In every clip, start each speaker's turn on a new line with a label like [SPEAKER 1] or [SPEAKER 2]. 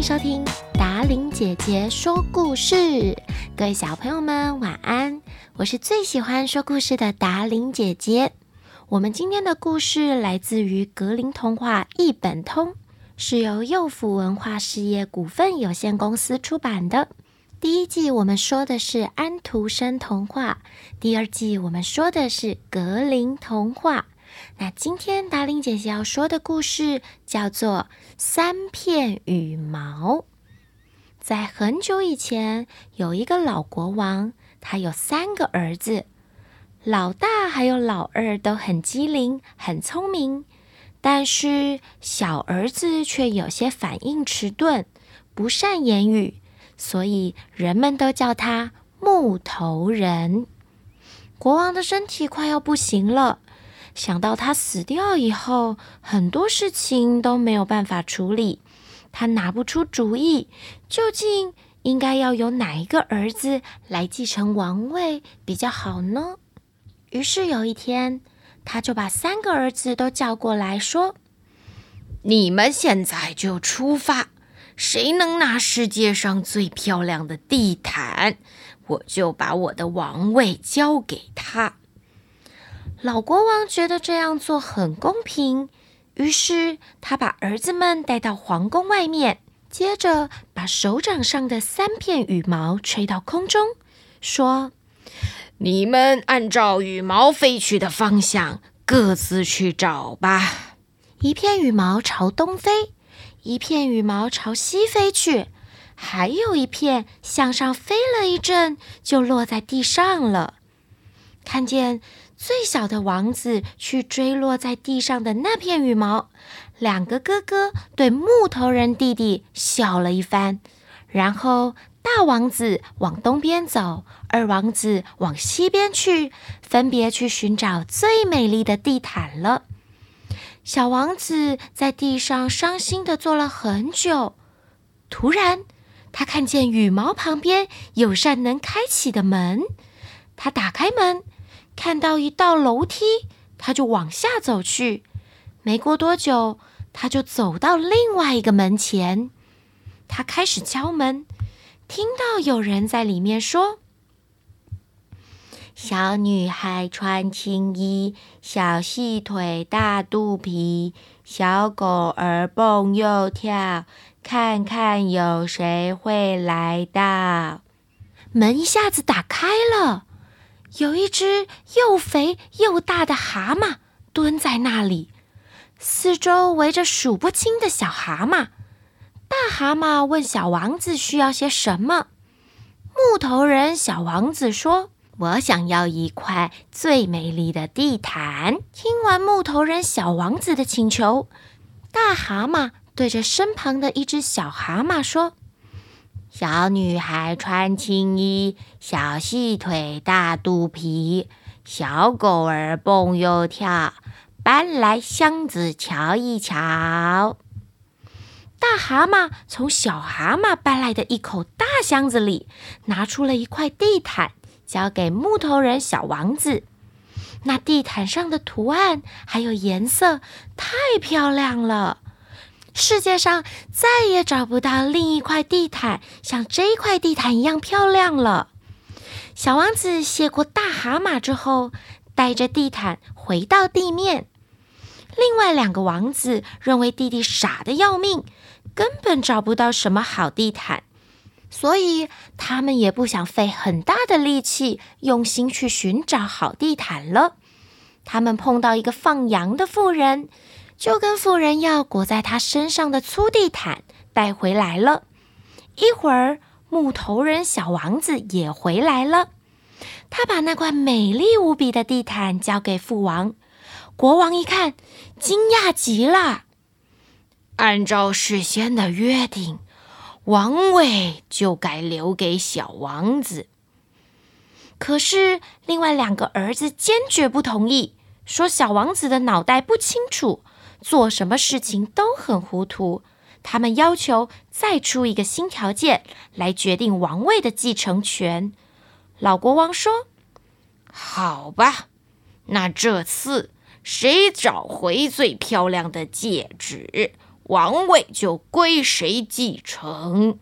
[SPEAKER 1] 歡迎收聽達琳姐姐說故事，各位小朋友們晚安。我是最喜歡說故事的達琳姐姐。我們今天的故事來自於《格林童話一本通》，是由幼福文化事業股份有限公司出版的。第一季我們說的是安徒生童話，第二季我們說的是格林童話。那今天達令姐姐要說的故事叫做《三片羽毛》。在很久以前，有一個老國王，他有三個兒子。老大還有老二都很機靈、很聰明，但是小兒子卻有些反應遲鈍，不善言語，所以人們都叫他木頭人。國王的身體快要不行了。想到他死掉以後，很多事情都沒有辦法處理，他拿不出主意，究竟應該要由哪一個兒子來繼承王位比較好呢？於是有一天，他就把三個兒子都叫過來說：“你們現在就出發，誰能拿世界上最漂亮的地毯，我就把我的王位交給他。”老國王覺得這樣做很公平，於是他把兒子們帶到皇宮外面，接着把手掌上的三片羽毛吹到空中，說：“你們按照羽毛飛去的方向，各自去找吧。一片羽毛朝東飛，一片羽毛朝西飛去，還有一片向上飛了一陣，就落在地上了。看見。”最小的王子去追落在地上的那片羽毛，兩個哥哥對木頭人弟弟笑了一番，然後大王子往東邊走，二王子往西邊去，分別去尋找最美麗的地毯了。小王子在地上傷心地坐了很久，突然他看見羽毛旁邊有扇能開啟的門，他打開門。看到一道樓梯，他就往下走去。沒過多久，他就走到另外一個門前，他開始敲門，聽到有人在裡面說：“小女孩穿青衣，小細腿大肚皮，小狗兒蹦又跳，看看有誰會來到。”門一下子打開了。有一隻又肥又大的蛤蟆蹲在那裡，四周圍着數不清的小蛤蟆。大蛤蟆問小王子：“需要些什麼？”木頭人小王子說：“我想要一塊最美麗的地毯。”聽完木頭人小王子的請求，大蛤蟆對着身旁的一隻小蛤蟆說，小女孩穿青衣，小細腿大肚皮。小狗兒蹦又跳，搬來箱子瞧一瞧。大蛤蟆從小蛤蟆搬來的一口大箱子裡，拿出了一塊地毯，交給木頭人小王子。那地毯上的圖案還有顏色，太漂亮了。世界上再也找不到另一塊地毯，像這塊地毯一樣漂亮了。小王子謝過大蛤蟆之後，帶着地毯回到地面。另外兩個王子認為弟弟傻得要命，根本找不到什麼好地毯，所以他們也不想費很大的力氣，用心去尋找好地毯了。他們碰到一個放羊的婦人。就跟富人，要裹在他身上的粗地毯帶回來了。一會兒，木頭人小王子也回來了。他把那塊美麗無比的地毯交給父王。國王一看，驚訝極了。按照事先的約定，王位就該留給小王子。可是，另外兩個兒子堅決不同意，說小王子的腦袋不清楚。做什麼事情都很糊塗。他們要求再出一個新條件來決定王位的繼承權。老國王說：“好吧，那這次誰找回最漂亮的戒指，王位就歸誰繼承。”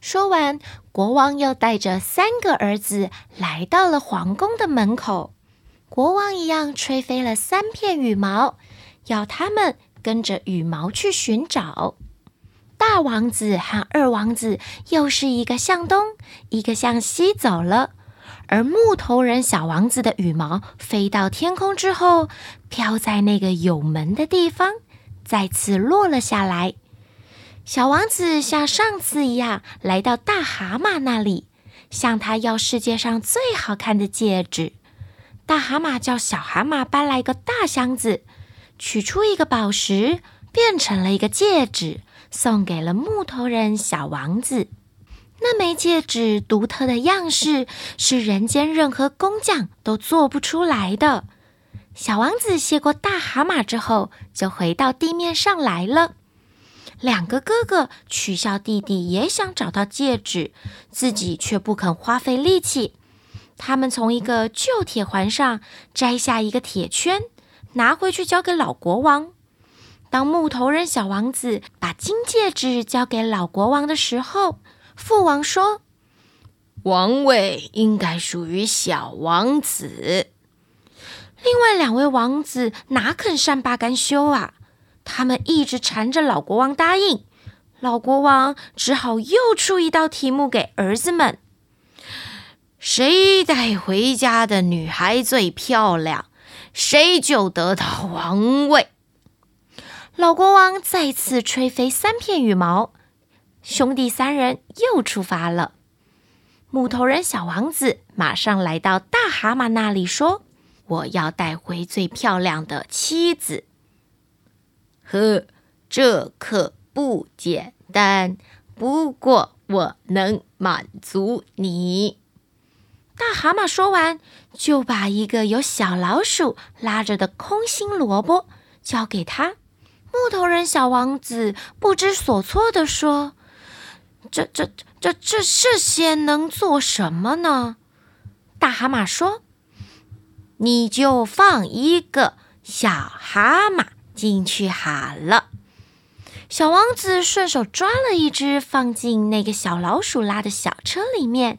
[SPEAKER 1] 說完，國王又帶着三個兒子來到了皇宮的門口。國王一樣吹飛了三片羽毛。要他們跟着羽毛去尋找。大王子和二王子又是一個向東，一個向西走了。而木頭人小王子的羽毛飛到天空之後，飄在那個有門的地方，再次落了下來。小王子像上次一樣來到大蛤蟆那裡，向他要世界上最好看的戒指。大蛤蟆叫小蛤蟆搬來一個大箱子。取出一個寶石，變成了一個戒指，送給了木頭人小王子。那枚戒指獨特的樣式是人間任何工匠都做不出來的。小王子謝過大蛤蟆之後，就回到地面上來了。兩個哥哥取笑弟弟，也想找到戒指，自己卻不肯花費力氣。他們從一個舊鐵環上摘下一個鐵圈。拿回去交給老國王。當木頭人小王子把金戒指交給老國王的時候，父王說：“王位應該屬於小王子。”另外兩位王子哪肯善罷甘休啊？他們一直纏着老國王答應。老國王只好又出一道題目給兒子們：“誰帶回家的女孩最漂亮？”誰就得到王位。老國王再次吹飛三片羽毛，兄弟三人又出發了。木頭人小王子馬上來到大蛤蟆那裡說：“我要帶回最漂亮的妻子。”“呵，這可不簡單。不過我能滿足你。”大蛤蟆說完，就把一個由小老鼠拉着的空心蘿蔔交給他。木頭人小王子不知所措地說：“這、這、這、這這些能做什麼呢？”大蛤蟆說：“你就放一個小蛤蟆進去好了。”小王子順手抓了一隻，放進那個小老鼠拉的小車裡面。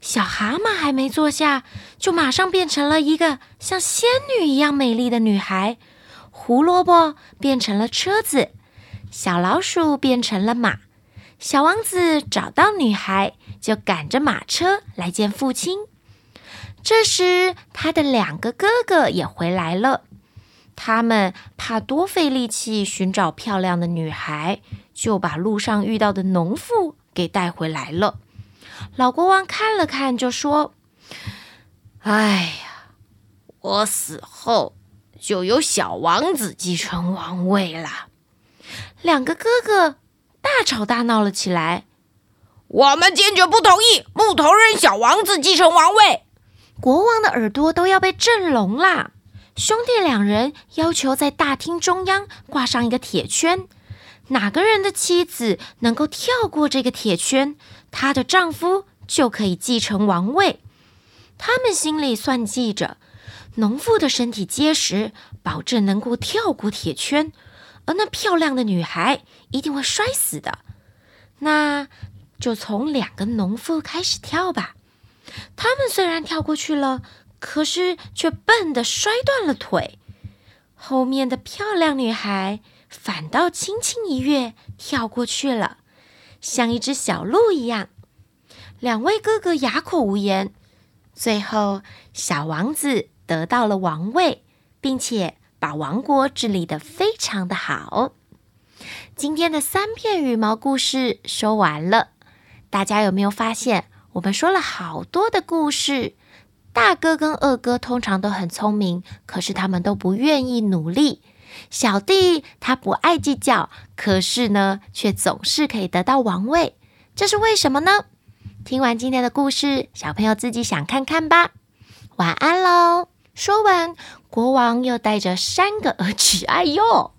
[SPEAKER 1] 小蛤蟆還沒坐下，就馬上變成了一個像仙女一樣美麗的女孩。胡蘿蔔變成了車子，小老鼠變成了馬。小王子找到女孩，就趕着馬車來見父親。這時，他的兩個哥哥也回來了。他們怕多費力氣尋找漂亮的女孩，就把路上遇到的農婦給帶回來了。老國王看了看，就說：“哎呀，我死後就由小王子繼承王位了。”兩個哥哥大吵大鬧了起來：“我們堅決不同意木頭人小王子繼承王位！”國王的耳朵都要被震聾了。兄弟兩人要求在大廳中央掛上一個鐵圈，哪個人的妻子能夠跳過這個鐵圈，她的丈夫，就可以繼承王位。他們心裡算計着，農婦的身體結實，保證能夠跳過鐵圈，而那漂亮的女孩一定會摔死的。那就從兩個農婦開始跳吧。他們雖然跳過去了，可是卻笨得摔斷了腿。後面的漂亮女孩反倒輕輕一躍跳過去了，像一隻小鹿一樣。兩位哥哥啞口無言，最後小王子得到了王位，並且把王國治理得非常的好。今天的三片羽毛故事說完了，大家有沒有發現？我們說了好多的故事。大哥跟二哥通常都很聰明，可是他們都不願意努力。小弟他不愛計較，可是呢，卻總是可以得到王位。這是為什麼呢？聽完今天的故事，小朋友自己想看看吧。晚安嘍！說完，國王又帶着三個兒子去，哎呦！